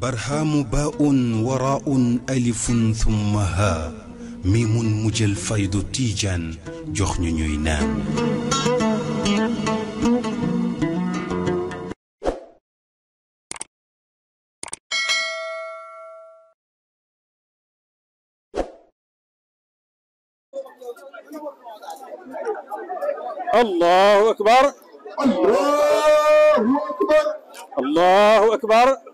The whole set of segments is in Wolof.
برهام باء وراء ألف ثم ها ميم مجل فيض تيجان جخن نينام الله أكبر الله أكبر الله أكبر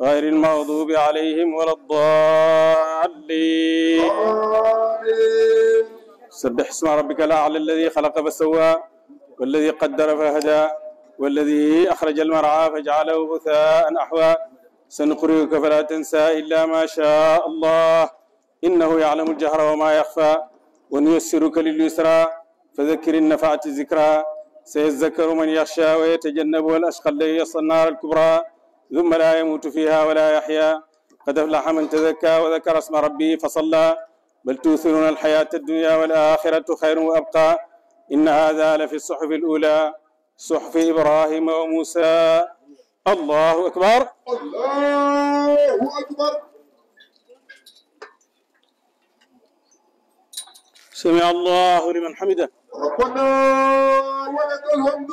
غير المغضوب عليهم ولا الضالين سبح اسم ربك الأعلى الذي خلق فسوى والذي قدر فهدى والذي أخرج المرعى فجعله غثاء أحوى سنقرئك فلا تنسى إلا ما شاء الله إنه يعلم الجهر وما يخفى ونيسرك لليسرى فذكر النفعه الذكرى سيذكر من يخشى ويتجنبها الأشقى الذي يصلى النار الكبرى ثم لا يموت فيها ولا يحيا قد أفلح من تزكى وذكر اسم ربه فصلى بل توثرون الحياة الدنيا والآخرة خير وأبقى إن هذا لفي الصحف الأولى صحف إبراهيم وموسى الله أكبر الله أكبر سمع الله لمن حمده ربنا ولك الحمد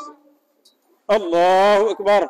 الله أكبر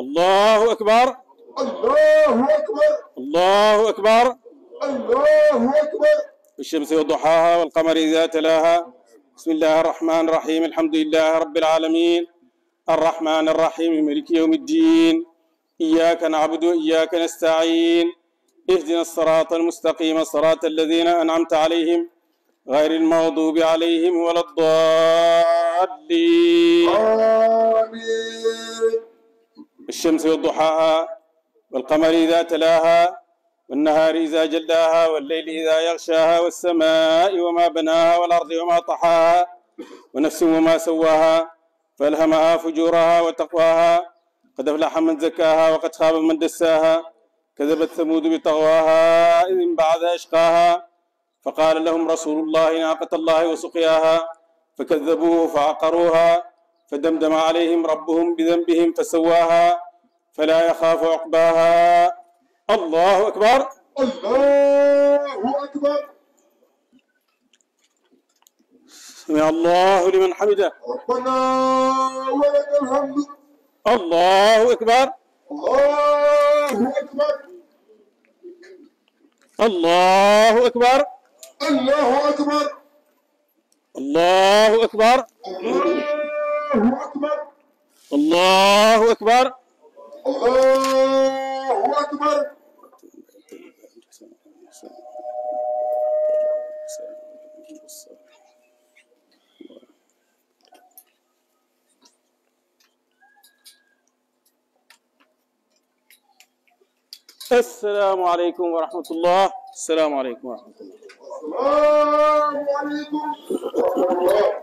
الله أكبر الله أكبر الله أكبر الله أكبر الشمس وضحاها والقمر إذا تلاها بسم الله الرحمن الرحيم الحمد لله رب العالمين الرحمن الرحيم ملك يوم الدين إياك نعبد وإياك نستعين اهدنا الصراط المستقيم صراط الذين أنعمت عليهم غير المغضوب عليهم ولا الضالين آمين والشمس وضحاها والقمر إذا تلاها والنهار إذا جلاها والليل إذا يغشاها والسماء وما بناها والأرض وما طحاها ونفس وما سواها فألهمها فجورها وتقواها قد أفلح من زكاها وقد خاب من دساها كذبت ثمود بطغواها إذ بعد أشقاها فقال لهم رسول الله ناقة الله وسقياها فكذبوه فعقروها فدمدم عليهم ربهم بذنبهم فسواها فلا يخاف عقباها الله أكبر الله أكبر سمع الله لمن حمده ربنا ولك الحمد الله أكبر الله أكبر الله أكبر الله أكبر الله أكبر, الله أكبر. الله أكبر الله أكبر الله أكبر السلام عليكم ورحمة الله السلام عليكم ورحمة الله السلام عليكم ورحمة الله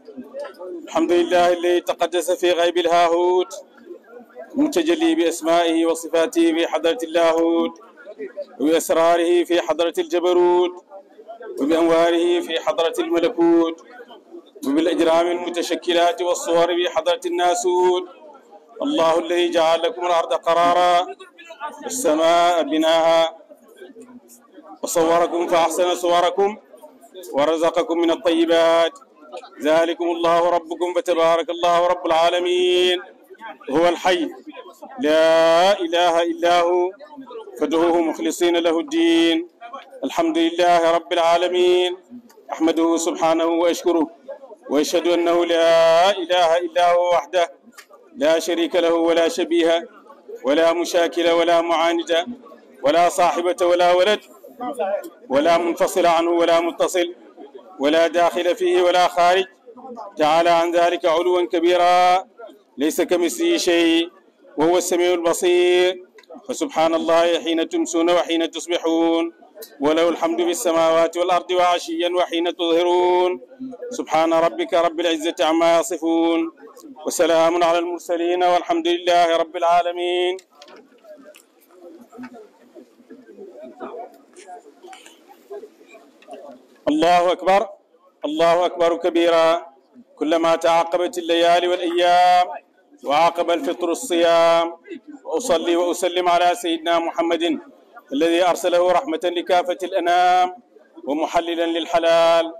الحمد لله الذي تقدس في غيب الهاهوت متجلي بأسمائه وصفاته في حضرة اللاهوت وبأسراره في حضرة الجبروت وبأنواره في حضرة الملكوت وبالأجرام المتشكلات والصور في حضرة الناسوت الله الذي جعل لكم الأرض قرارا والسماء بناها وصوركم فأحسن صوركم ورزقكم من الطيبات ذلكم الله ربكم فتبارك الله رب العالمين هو الحي لا إله إلا هو فادعوه مخلصين له الدين الحمد لله رب العالمين أحمده سبحانه وأشكره وأشهد أنه لا إله إلا هو وحده لا شريك له ولا شبيه ولا مشاكل ولا معاند ولا صاحبة ولا ولد ولا منفصل عنه ولا متصل ولا داخل فيه ولا خارج تعالى عن ذلك علوا كبيرا ليس كمثله شيء وهو السميع البصير فسبحان الله حين تمسون وحين تصبحون وله الحمد في السماوات والأرض وعشيا وحين تظهرون سبحان ربك رب العزة عما يصفون وسلام على المرسلين والحمد لله رب العالمين الله أكبر الله أكبر كبيرا كلما تعاقبت الليالي والأيام وعاقب الفطر الصيام وأصلي وأسلم على سيدنا محمد الذي أرسله رحمة لكافة الأنام ومحللا للحلال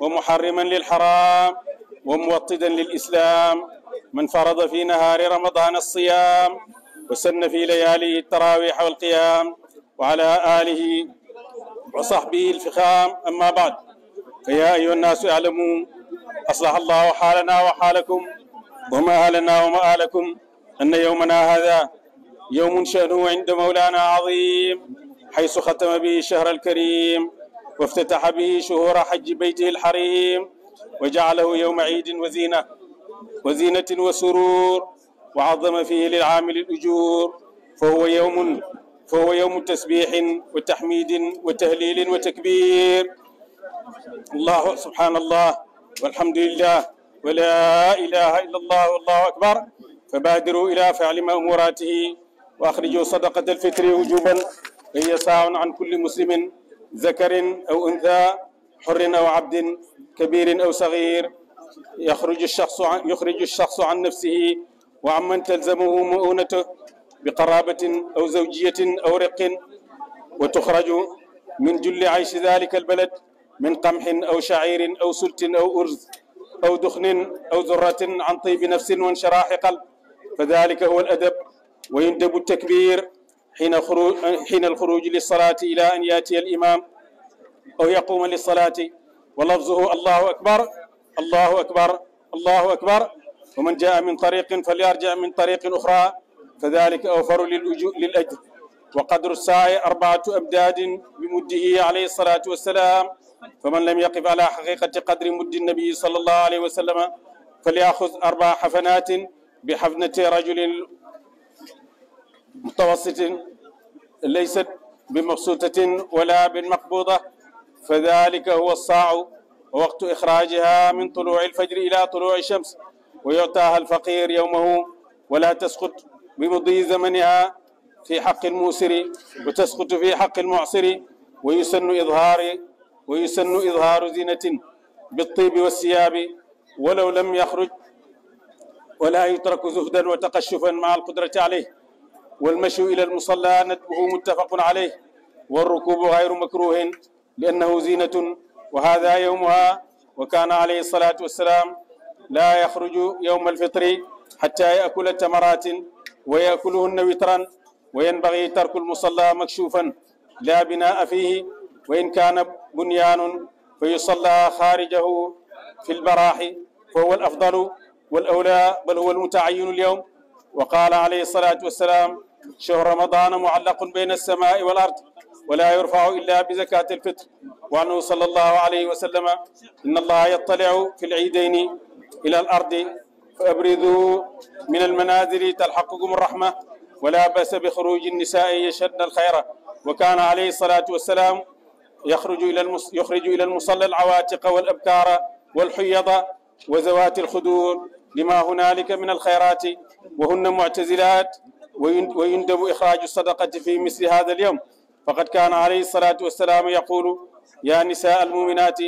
ومحرما للحرام وموطدا للإسلام من فرض في نهار رمضان الصيام وسن في لياليه التراويح والقيام وعلى آله وصحبه الفخام أما بعد فيا أيها الناس اعلموا أصلح الله حالنا وحالكم وما أهلنا وما أهلكم أن يومنا هذا يوم شأنه عند مولانا عظيم حيث ختم به الشهر الكريم وافتتح به شهور حج بيته الحريم وجعله يوم عيد وزينة وزينة وسرور وعظم فيه للعامل الأجور فهو يوم فهو يوم تسبيح وتحميد وتهليل وتكبير الله سبحان الله والحمد لله ولا إله إلا الله والله أكبر فبادروا إلى فعل مأموراته وأخرجوا صدقة الفطر وجوبا هي ساع عن كل مسلم ذكر أو أنثى حر أو عبد كبير أو صغير يخرج الشخص عن يخرج الشخص عن نفسه وعمن تلزمه مؤونته بقرابة أو زوجية أو رق وتخرج من جل عيش ذلك البلد من قمح أو شعير أو سلت أو أرز أو دخن أو ذرة عن طيب نفس وانشراح قلب فذلك هو الأدب ويندب التكبير حين, خروج حين الخروج للصلاة إلى أن يأتي الإمام أو يقوم للصلاة ولفظه الله أكبر الله أكبر الله أكبر ومن جاء من طريق فليرجع من طريق أخرى فذلك أوفر للأجر وقدر الساعة أربعة أمداد بمده عليه الصلاة والسلام فمن لم يقف على حقيقة قدر مد النبي صلى الله عليه وسلم فليأخذ أربع حفنات بحفنة رجل متوسط ليست بمبسوطة ولا بالمقبوضة فذلك هو الصاع ووقت إخراجها من طلوع الفجر إلى طلوع الشمس ويعطاها الفقير يومه ولا تسقط بمضي زمنها في حق الموسر وتسقط في حق المعسر ويسن إظهار ويسن إظهار زينة بالطيب والثياب ولو لم يخرج ولا يترك زهدا وتقشفا مع القدرة عليه والمشي إلى المصلى ندبه متفق عليه والركوب غير مكروه لأنه زينة وهذا يومها وكان عليه الصلاة والسلام لا يخرج يوم الفطر حتى يأكل تمرات ويأكلهن وترا وينبغي ترك المصلى مكشوفا لا بناء فيه وإن كان بنيان فيصلى خارجه في البراح فهو الأفضل والأولى بل هو المتعين اليوم وقال عليه الصلاة والسلام شهر رمضان معلق بين السماء والأرض ولا يرفع إلا بزكاة الفطر وعنه صلى الله عليه وسلم إن الله يطلع في العيدين إلى الأرض فابرزوا من المنازل تلحقكم الرحمة ولا بأس بخروج النساء يشهدن الخير وكان عليه الصلاة والسلام يخرج إلى المص... يخرج إلى المصلى العواتق والأبكار والحيض وزوات الخدور لما هنالك من الخيرات وهن معتزلات ويندب إخراج الصدقة في مثل هذا اليوم فقد كان عليه الصلاة والسلام يقول يا نساء المؤمنات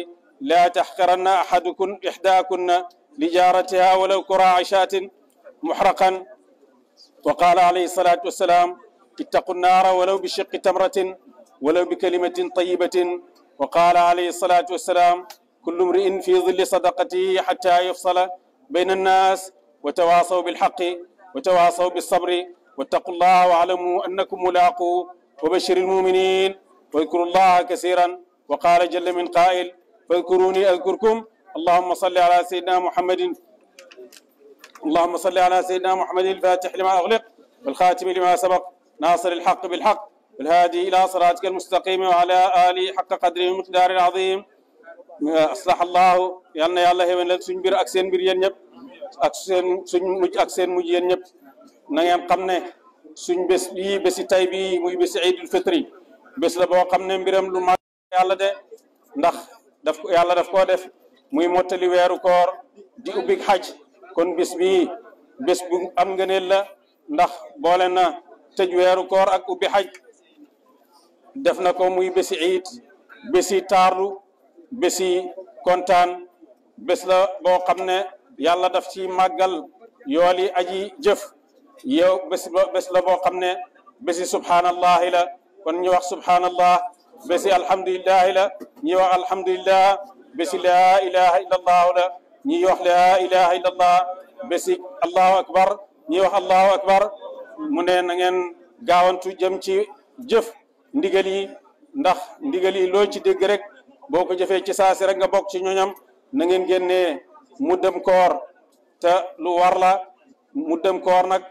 لا تحقرن أحدكن إحداكن لجارتها ولو كرة عشات محرقا وقال عليه الصلاة والسلام اتقوا النار ولو بشق تمرة ولو بكلمة طيبة وقال عليه الصلاة والسلام كل امرئ في ظل صدقته حتى يفصل بين الناس وتواصوا بالحق وتواصوا بالصبر واتقوا الله واعلموا أنكم ملاقوا وبشر المؤمنين واذكروا الله كثيرا وقال جل من قائل فاذكروني أذكركم اللهم صل على سيدنا محمد اللهم صل على سيدنا محمد الفاتح لما أغلق والخاتم لما سبق ناصر الحق بالحق والهادي إلى صراطك المستقيم وعلى آله حق قدره ومقدار العظيم أصلح الله يالنا يا الله من لك سنبير أكسين بريان يب أكسين سنمج أكسين مجين يب نعم قمنا سن بس بي بس تايبي مي بس عيد الفطر بس لبوا قمنا بيرم لما يا الله ده نخ دفق يا الله دفق ودفق muy motali wéru koor di ubbi xaj kon bis bi bés bu am ngeenel la ndax boole na tëj wéru koor ak ubbi xaj def na ko muy bési eid bési taarlu bési kontan bés la bo xamne yàlla daf ci magal yoli aji jëf yow bés bés la bo xamne ne bési subhaanallahi la kon ñu wax subhaanallah bési alhamdulillahi la ñu wax alhamdulillah besi la ilaha illallah la ñi wax la ilaha illallah besi allahu akbar ñi wax allahu akbar mu ne na ngeen gawantu jëm ci jëf ndigal yi ndax ndigal yi lo ci deg rek boko jëfé ci saasi rek nga bok ci ñooñam na ngeen genné mu dem koor te lu war la mu dem koor nak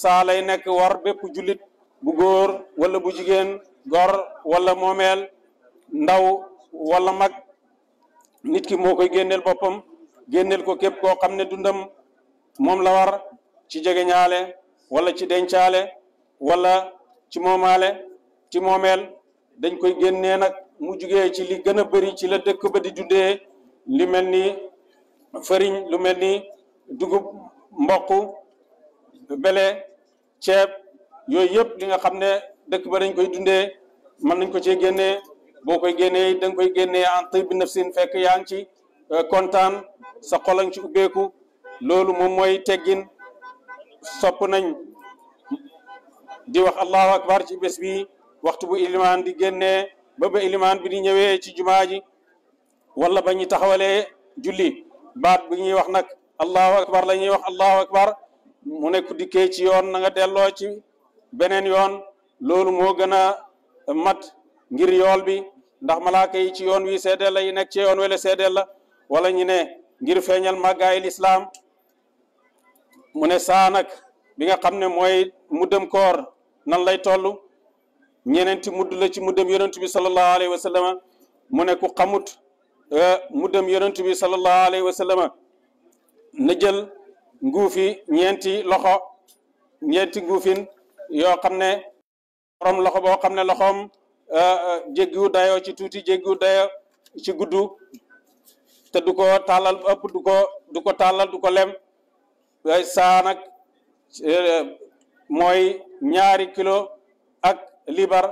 saa lay nek war bepp julit bu goor wala bu jigen gor wala momel ndaw wala mag nit ki moo koy génneel boppam génneel ko képp koo xam ne dundam moom la war ci jege ñaale wala ci dencaale wala ci moomaale ci moomeel dañ koy génnee nag mu jugee ci li gën a bari ci la dëkk ba di dundee li mel ni fariñ lu mel ni dugub mboqu bele ceeb yooyu yëpp li nga xam ne dëkk ba dañ koy dundee mën nañ ko cee génnee boo koy génnee danga koy génnee en tib nafsin fekk yaa ngi ci euh, kontaan sa xol ci ubbeeku loolu moom mooy teggin sopp nañ di wax allahu akbar ci bés bi waxtu bu ilimaan di génnee ba ba ilimaan bi di ñëwee ci jumaa ji wala ba ñu taxawalee julli baat bi ñuy wax nag allahu akbar la ñuy wax allahu akbar mu nekk dikkee ci yoon nanga delloo ci beneen yoon loolu moo gën a mat ngir yool bi ndax malaaka yi ci yoon wi seedeel la yi nekk ci yoon wele seedeel la wala ñu ne ngir feeñal màggaay lislaam mu ne saa nag bi nga xam ne mooy muddam koor nan lay toll ñeneenti mudd la ci muddam yonentu bi sallallahu alayhi wa sallama mu ne ku xamut e, muddam yonentu bi sallallahu alayhi wa sallama na jël nguufi ñeenti loxo ñeenti nguufin yoo xam ne borom loxo boo xam ne loxoom Ah, ah, jeggiwu dayo ci tuuti jeggiwu dayo ci guddu te du ko tàllal ëpp du ko du ko tàllal du ko lem saa nag eh, mooy ñaari kilo ak libar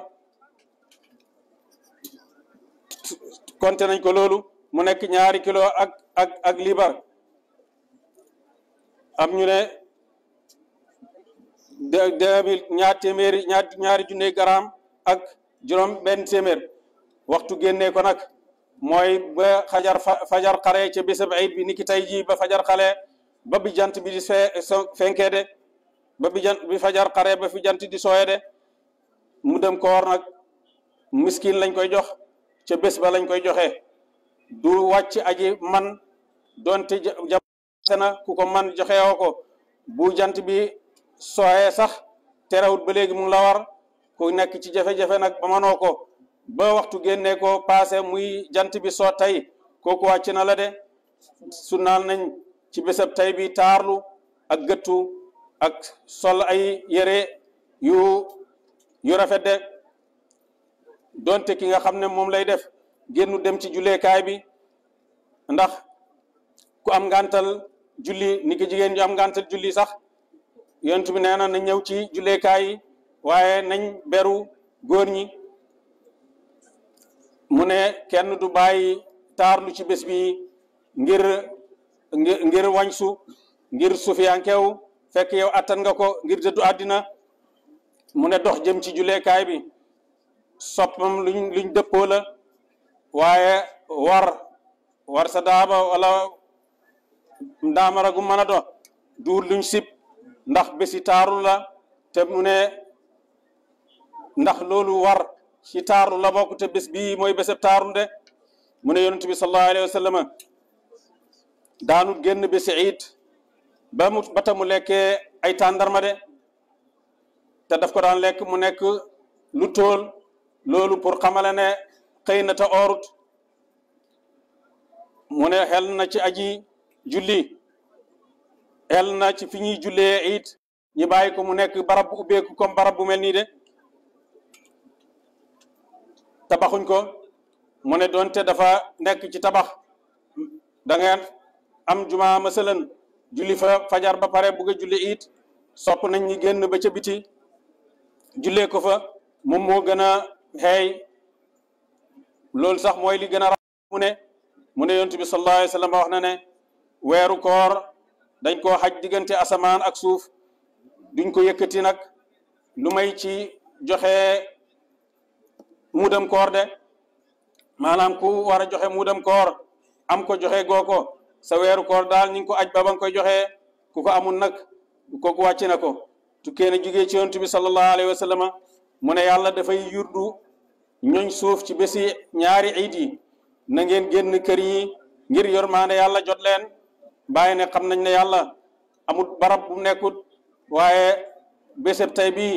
konte nañ ko loolu mu nekk ñaari kilo ak ak ak libar am ñu ne de deux mille ñaar téeméeri ñaar ñaari junney garaam ak juróom benn téeméer waxtu génnee ko nag mooy ba xajar fajar xare ca bésab ayit bi niki tay ba fajar ba bi jant bi di fenkee de ba bi fajar xare ba fi jant di sooye de mu dem koor nag miskin lañ koy jox ca bés ba lañ koy joxe du wàcc aji man donte jabtena ku ko man joxe woo ko bu jant bi sooyee sax terewut ba léegi mu ngi la war ko nekk ci jafe-jafe nag ba manoo ko ba waxtu génne ko paase muy jant bi soo tey kooku wàcc na la de sunnaal nañ ci bésab tey bi taarlu ak gëttu ak sol ay yére yu yu rafet donte ki nga xam ne moom lay def génnu dem ci julleekaay bi ndax ku am ngantal julli ni ki jigéen ñu am ngantal julli sax yonent bi nee na na ñëw ci julleekaay yi waaye nañ beru góor ñi mu ne kenn du bàyyi taarlu ci bés bi ngir ngir wañsu ngir sufiyankew fekk yow attan nga ko ngir dëddu àddina mu ne dox jëm ci juleekaay bi soppam luñ luñ dëppoo waaye war war sa daaba wala ndaamara gu do duur luñ sip ndax bési taaru la te mune ndax loolu war ci taaru la bii mooy béseb taaru de mu ne yonent bi sallallahu alayhi wa sallam ba mu ba mu lekkee ay tàndarma de te daf ko daan lekk mu nekk lu tool loolu pour xamale ne xëy na te oorut mu ne xel na ci aji julli xel na ci fi ñuy jullee it ñu ko mu nekk barab bu ubbeeku comme barab bu mel nii de tabaxuñ ko mu ne doonte dafa nekk ci tabax dangeen ngeen am juma masalan julli fa fajar ba pare bugg a julli it sopp nañ ñi génn ba ca biti jullee ko fa moom moo gën a xeey loolu sax mooy li gën a rafet mu ne mu ne yontu bi sallallahu ne weeru koor dañ koo xaj diggante asamaan ak suuf duñ ko yëkkati nag lu may ci joxe mu muudam koor de maanaam ku war a joxe muudam koor am ko joxe goo ko sa weeru koor daal ni ko aj ba nga koy joxe ku ko amul nag kooku wàcc na ko tukkee na jugee ci yonent bi sallallahu alayhi wa sallam mu ne yàlla dafay yurdu ñooñ suuf ci bési ñaari iid yi na ngeen génn kër yi ngir yormaande yàlla jot leen bàyyi ne xam nañ ne yàlla amut barab bu nekkut waaye béseb tey bii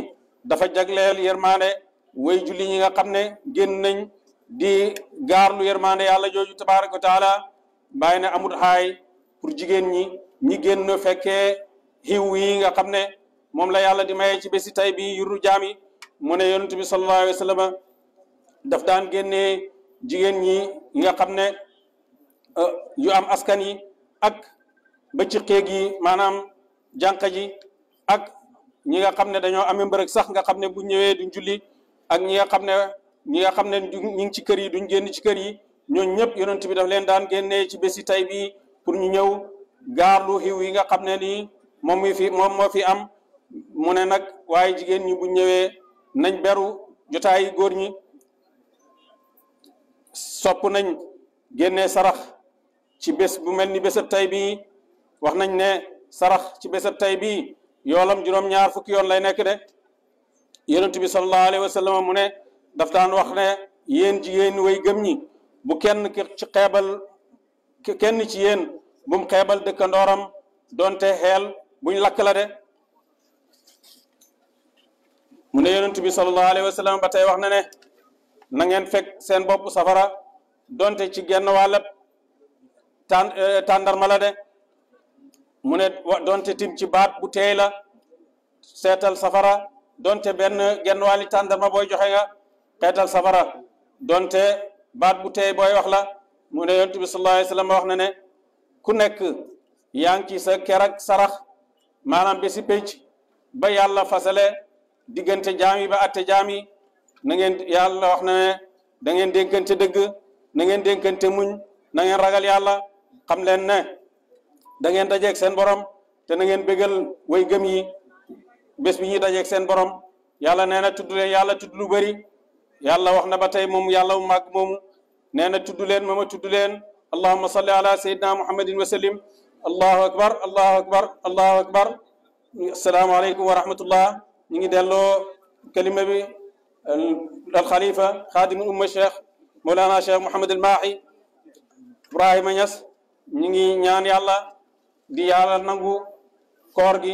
dafa jagleel yermaande way julli ñi nga xam ne génn nañ di gaarlu yermande yàlla jooju tabaraka wa taala bàyyi na amut xaay pour jigéen ñi ñi génn fekkee xiw yi nga xam ne moom la yàlla di mayee ci bési tay bi yurru jaam yi mu ne yonent bi sallallahu alayhi daf daan génnee jigéen ñi nga xam ne euh, yu am askan yi ak ba ci xéeg yi maanaam jànq ji ak ñi nga xam ne dañoo amee mbërëg sax nga xam ne bu ñëwee duñ julli ak ñi nga xam ne ñi nga xam ne ñu ngi ci kër yi duñ génn ci kër yi ñooñu ñëpp yonent bi daf leen daan génnee ci bési tay bi pour ñu ñëw gaarlu xiw yi nga xam ne nii moom mi fi moom moo fi am mu ne nag waaye jigéen ñi bu ñëwee nañ beru jotaayi góor ñi sopp nañ génnee sarax ci bés bu mel ni bésab tay bi wax nañ ne sarax ci bésab tay bi yoolam juróom-ñaar fukki yoon lay nekk de yonent bi sallallahu alayhi wa mu ne daf daan wax ne yéen jigéen way gëm ñi bu kenn ci xeebal kenn ci yéen bu mu xeebal dëkkandooram donte xeel buñ lakk la de mu ne yonent bi sallallahu alayhi wa ba tey wax na ne na ngeen fekk seen bopp safara donte ci genn wàllab tàn euh, tàndarma la de mu ne doonte tim ci baat bu teey la seetal safara donte benn genn wàlli tàndarma booy joxe nga xeetal safara donte baat bu tey booy wax la mu ne yonent bi sallallahu alayhi wax na ne ku nekk yaa ngi ci sa ker sarax maanaam bi si ba yàlla fasale diggante jaam yi ba atte jaam yi na ngeen yàlla wax na ne da ngeen dénkante dëgg na ngeen dénkante muñ na ngeen ragal yàlla xam leen ne da ngeen dajeeg seen borom te na ngeen bégal way gëm yi bés bi ñuy dajeeg seen borom yàlla nee na tudd leen yàlla tudd lu bëri yàlla wax na ba tey moom yàlla mu màgg moomu nee na tudd leen ma ma tudd leen allahuma salli ala sayidina muhammadin wa sallim allahu akbar allahu akbar allahu akbar asalaamaaleykum wa rahmatullah ñu ngi delloo kalima bi al xalifa xaadimu umma cheikh moolana cheikh Mouhamad al Maahi Ibrahima Niass ñu ngi ñaan yàlla di yàlla nangu koor gi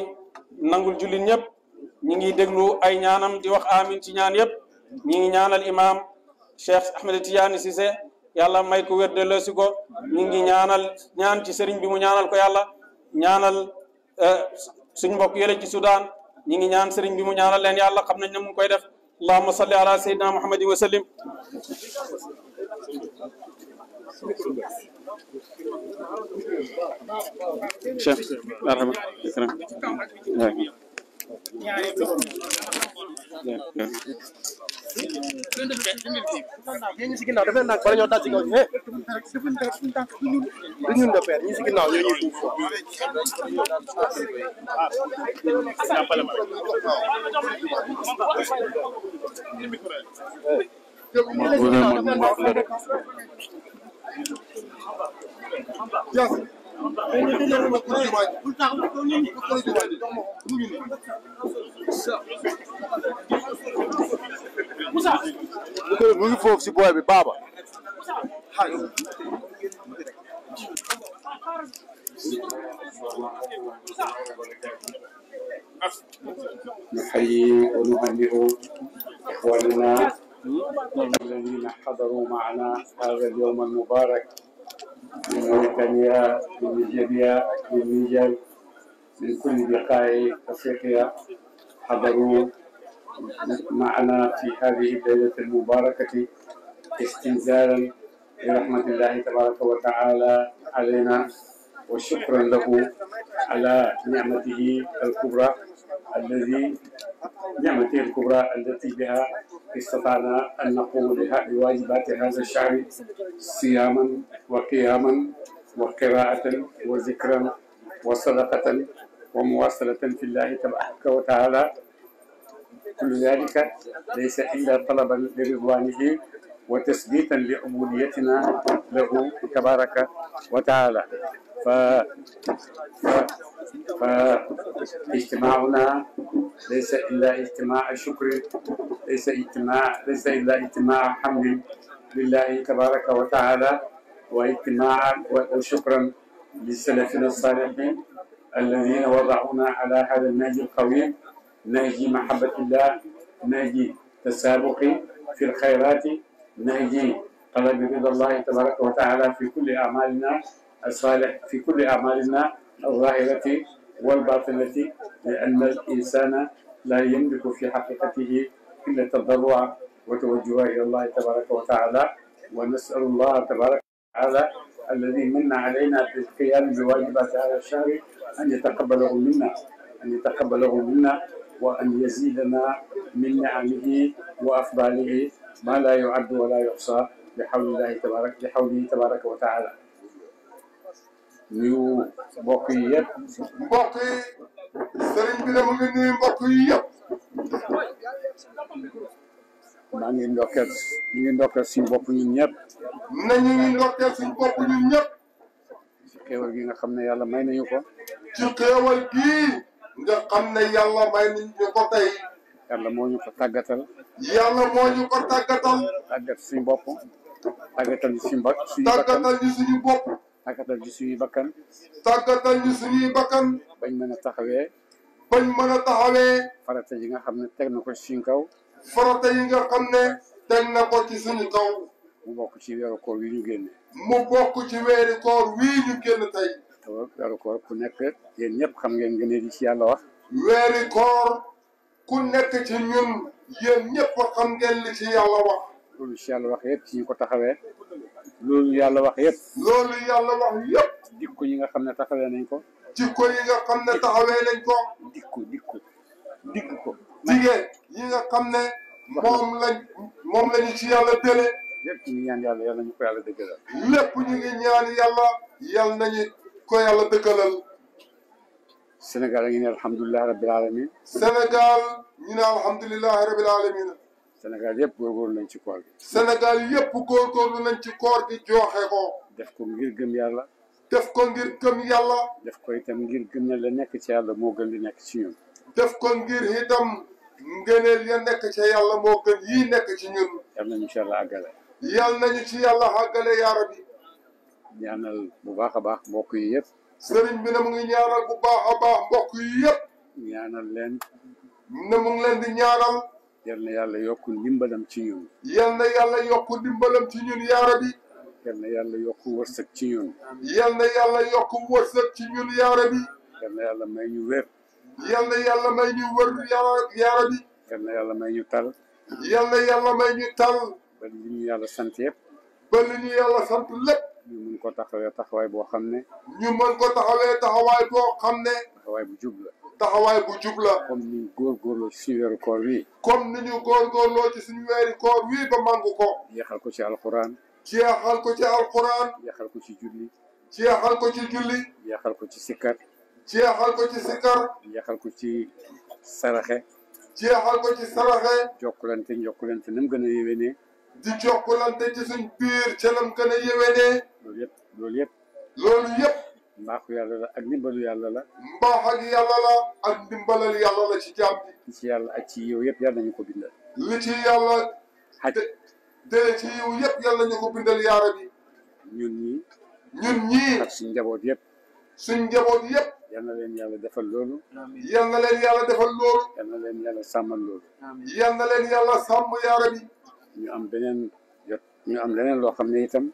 nangul jullit ñëpp ñi ngi déglu ay ñaanam di wax amin ci ñaan yëpp ñi ngi ñaanal imaam Cheikh Ahmed Tidiane sise yàlla may ko wér de loosi ko ñi ngi ñaanal ñaan ci sëriñ bi mu ñaanal ko yàlla ñaanal eh, suñ mbok yële ci Soudan ñi ngi ñaan sëriñ bi mu ñaanal leen yàlla xam na ne mu koy def allahumma salli ala sayyidina muhammadin wa sallim Cheikh marhaba ikram ñi ci ginnaaw def leen nag bala ñoo dal ci kaw ñe eh. du ñun de père ñi ci ginnaaw ñoo ñuy buuf foofu ياسر mu ngi foofu si booy bi baaba نحيي ونهنئ إخواننا الذين حضروا معنا هذا اليوم المبارك من موريتانيا من نيجيريا من نيجر من كل بقاع افريقيا حضروا معنا في هذه الليله المباركه استنزالا لرحمه الله تبارك وتعالى علينا وشكرا له على نعمته الكبرى الذي نعمته الكبرى التي بها استطعنا أن نقوم بواجبات هذا الشعب صياما وقياما وقراءة وذكرا وصدقة ومواصلة في الله تبارك وتعالى كل ذلك ليس إلا طلبا لرضوانه وتثبيتا لعبوديتنا له تبارك وتعالى ف... ف... اجتماعنا ليس إلا اجتماع شكر ليس اجتماع ليس إلا اجتماع حمد لله تبارك وتعالى واجتماعا وشكرا لسلفنا الصالحين الذين وضعونا على هذا النهج القويم نهج محبة الله نهج تسابق في الخيرات نهج طلب رضا الله تبارك وتعالى في كل أعمالنا الصالح في كل أعمالنا الظاهرة والباطنة لأن الإنسان لا يملك في حقيقته إلا التضرع وتوجه إلى الله تبارك وتعالى ونسأل الله تبارك وتعالى الذي من علينا بالقيام بواجبات هذا الشهر أن يتقبله منا أن يتقبله منا وأن يزيدنا من نعمه وأفضاله ما لا يعد ولا يحصى بحول الله تبارك بحوله تبارك وتعالى nuyu mbokk yi yëpp. mbokk yi sëriñ bi de mu ngi nuyu mbokk yi yëpp. maa ngi ñu ngi ndokkeel suñu bopp ñun ñëpp. ñu ngi ndokkeel suñu bopp ñun ñëpp. ci xéewal gi nga xam ne yàlla may nañu ko. ci xéewal gii nga xam ne yàlla may nañu ko tey. yàlla moo ñu ko tàggatal. yàlla moo ñu ko tàggatal. ñu suñu ba suñu bakkan tàggatal ñu suñu bopp. tàggatal ci suñuy bakkan. tàggatal ci suñuy bakkan. bañ mën a taxawee. bañ mën a taxawee. farata yi nga xam ne teg na ko ci suñ kaw. farata yi nga xam ne teg na ko ci suñu kaw. mu bokk ci weeru koor wi ñu génne. mu bokk ci weeru koor wii ñu génn tey. te koor ku nekk yéen ñëpp xam ngeen ngëneel yi ci yàlla wax. weeri koor ku nekk ci ñun yéen ñëpp xam ngeen li ci yàlla wax. loolu ci ñu ko taxawee. loolu yàlla wax yëpp. loolu yàlla wax yëpp. jikko yi nga xam ne taxawee nañ ko. jikko yi nga xam ne taxawee nañ ko. digg ko. jigéen yi nga xam ne. moom lañ moom lañu ci yàlla télé. lépp ñu ñaan yàlla yàlla ñu ko yàlla dëggalal. lépp ñu ngi ñaan yàlla. yàlla nañu ko yàlla dëggalal. Sénégal a ngi ne alhamdulilah rabil alamin alamin Sénégal yëpp góorgóorlu nañ ci koor gi. Sénégal yëpp góorgóorlu nañ ci koor gi jooxe ko. def ko ngir gëm yàlla. def ko ngir gëm yàlla. def ko itam ngir gëm ne la nekk ci yàlla moo gën di nekk ci ñun. def ko ngir itam ngëneel ya nekk ci yàlla moo gën yii nekk ci ñun. yal nañu ci yàlla àggale. nañu ci yàlla àggale yaa rabbi. ñaanal bu baax a baax mbokk yi yëpp. sëriñ bi ne mu ngi ñaanal bu baax a baax mbokk yi yëpp. ñaanal leen. ne mu ngi leen di ñaanal. yal na yàlla yokk ndimbalam ci ñun. yal na yàlla yokk ndimbalam ci ñun yaa rabbi. yal na yàlla yokk wërsëg ci ñun. yal na yàlla yokk wërsëg ci ñun yaa rabbi. yal na yàlla may ñu wér. yal na yàlla may ñu wër yaa rabbi. yal na yàlla may ñu tal. yal na yàlla may ñu tal. ba li ñu yàlla sant yëpp. ba li ñu yàlla sant lépp. ñu mën ko taxawee taxawaay boo xam ne. ñu mën ko taxawee taxawaay boo xam ne. taxawaay bu jub la. taxawaay bu jub la. comme ni ñu góorgóorloo ci suñu weeru koor wi. comme ni ñu góorgóorloo ci suñu weeru koor wi ba màngu ko. jeexal ko ci alxuraan. jeexal ko ci alxuraan. jeexal ko ci julli. jeexal ko ci julli. jeexal ko ci sikkar. jeexal ko ci sikkar. jeexal ko ci saraxe. jeexal ko ci saraxe. jokkulante jokkulante nam gën a yéwénee. di jokkulante ci suñ biir ca nam gën a yéwénee. loolu yëpp loolu yëpp. loolu yëpp. mbaaxu yàlla la ak ndimbalu yàlla la mbaaxal yàlla la ak ndimbalal yàlla la ci jaam bi ci yàlla ak ci yiw yëpp yàlla nañu ko bindal li ci yàlla xaj de ci yiw yëpp yàlla nañu ko bindal yaara bi ñun ñii ñun ñii ak suñ njaboot yëpp suñ njaboot yëpp yal na leen yàlla defal loolu yal na leen yàlla defal loolu yal na leen yàlla sàmmal loolu yal na leen yàlla sàmm yaara bi ñu am beneen ñu am leneen loo xam itam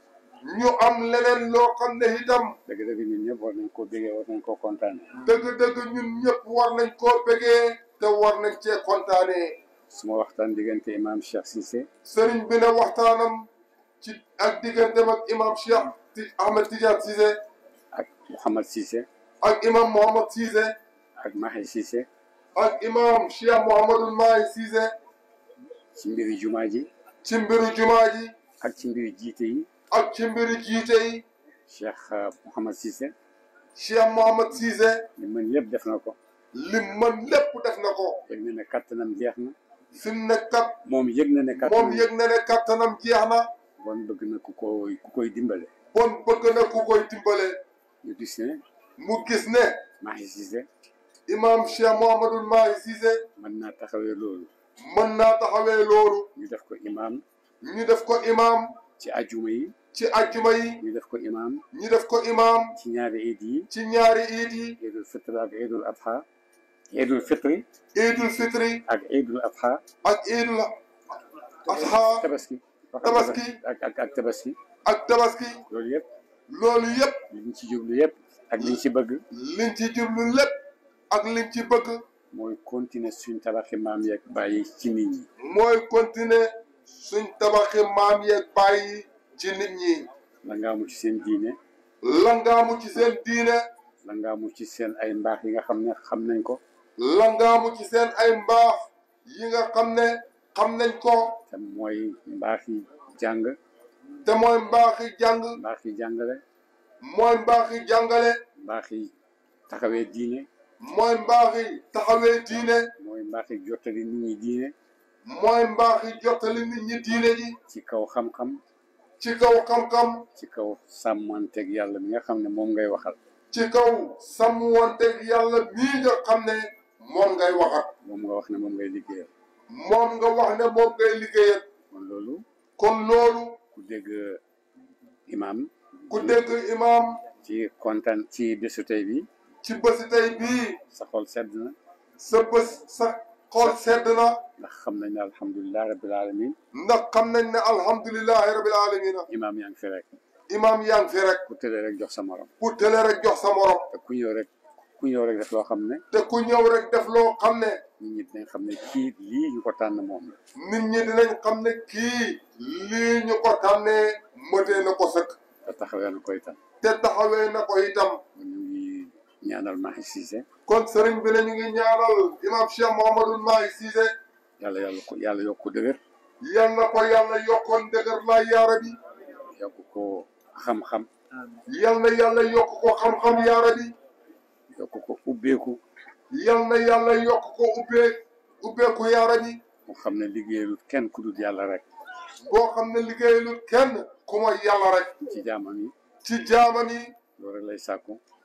ñu am leneen loo xam ne itam. dëgg dëgg ñun ñëpp war nañ koo bégee war nañ koo kontaanee. dëgg dëgg ñun ñëpp war nañ koo bégee te war nañ cee kontaanee. suma waxtaan diggante imaam Cheikh Cissé. sëriñ bi ne waxtaanam ci ak digganteem ak imaam Cheikh ti Ahmed Tidiane Cissé. ak Mouhamad Cissé. ak imaam Mouhamad Cissé. ak Mahi Cissé. ak imaam Cheikh Mouhamadul Mahi Cissé. ci mbiru jumaa ji. ci mbiru jumaa ji. ak ci mbiru jiite yi. ak ci mbiri jiite yi. cheikh euh, Mouhamad Cissé. cheikh Mouhamad Cissé. li def na ko. li mën lépp def na ko. yëg na ne jeex na. fi ne kat. moom yëg na ne kattanam na kattanam jeex na. bon bëgg na ku koy ku koy dimbale. bon bëgg na ku koy dimbale. mu gis ne. mu gis ne. Mahi Cissé. imaam cheikh Mouhamadul Mahi Cissé. mën naa taxawee loolu. mën naa taxawee loolu. ñu def ko imaam. ñu def ko imaam. ci ajuma yi. ci ajjuma yi ñu def ko imaam ñu def ko imaam ci ñaari iid yi ci ñaari iid yi iidul fitri ak iidul adha iidul fitri iidul fitri ak iidul adha ak iidul adha tabaski tabaski ak ak ak tabaski ak tabaski loolu yëpp loolu yëpp liñ ci jublu yëpp ak liñ ci bëgg liñ ci jublu lépp ak liñ ci bëgg mooy continuer suñ tabaxi maam yeeg bàyyi ci nit ñi mooy continuer suñ tabaxi maam yeeg bàyyi ci nit ñi. langaamu ci seen diine. langaamu ci seen diine. langaamu ci seen ay mbaax yi nga xam ne xam nañ ko. langaamu ci seen ay mbaax yi nga xam ne xam nañ ko. mooy mbaax yi jàng. te mooy mbaax yi jàng. mbaax jàngale. mooy mbaax yi jàngale. mbaax mooy mbaax yi taxawee diine. mooy mbaax yi jottali nit ñi diine. mooy mbaax yi jottali nit ñi diine ji. ci kaw xam-xam. ci kaw xam kam ci kaw sàmmanteeg yàlla mi nga xam ne moom ngay waxal ci kaw sàmmanteeg yàlla bi nga xam ne moom ngay waxal moom nga wax ne moom ngay liggéeyal moom nga wax ne moom ngay liggéeyal kon loolu kon loolu ku dégg imaam ku dégg imaam ci kontaan ci bésu tey bi ci bésu tey bii sa xol sedd na sa bés sa قول سيدنا نخمنا الحمد لله رب العالمين نخمنا الحمد لله رب العالمين امام يان فرك امام يان فرك كو تيل رك جوخ سامورم كو تيل رك جوخ سامورم تا كو نيو رك كو نيو رك داف لو خامني تا كو نيو رك داف لو خامني نين ني دين خامني كي لي ني كو تان موم نين ني دين خامني كي لي ني كو تان موتي نكو سك تا تخاوي نكو يتام تا تخاوي نكو يتام ñaanal ma xisise ko sëriñ bi la ñu ngi ñaanal imam Cheikh Mouhamadul Mahi Cissé. yàlla yàlla ko yàlla yokk ko dëgër. yàlla ko yàlla yokkoon dëgër laa yaara bi. yokk ko xam-xam. yàlla yàlla ko xam-xam yaara bi. ko ubbeeku. yàlla ko ubbee ubbeeku yaara ne liggéeyalul kenn ku dul yàlla rek. boo xam ne liggéeyalul kenn ku mooy yàlla rek. ci jaamam yi. ci jaamam yi. rek lay